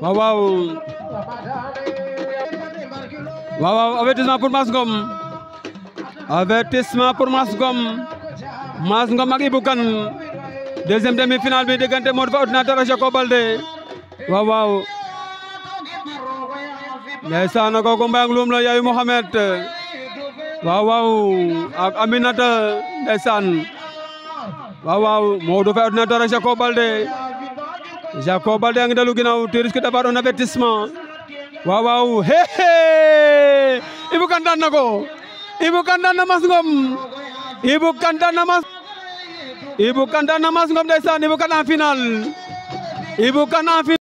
waaw waaw waaw waaw avertissement pour Mass Ngom avertissement pour Mass Ngom Mass Ngom ak Ibou Kane deuxième demi-finale bi diggante Modou Fa Ordinateur ak Jacob Baldé waaw waaw ndeysaan kooku Mbaye ak Loum la yaayu Mohamed waaw ak Aminata ndeysaan waaw waaw Modou Fa Ordinateur ak Jacob Baldé Jacob balde yang ngi dalu ginnaaw tu risque d'avoir un avertissement waaw waaw hé hé ibu kandang daan ibu kandang Ibou Kane daan na Mass Ngom Ibou Kane daan na Mass Ibou Kane na Ngom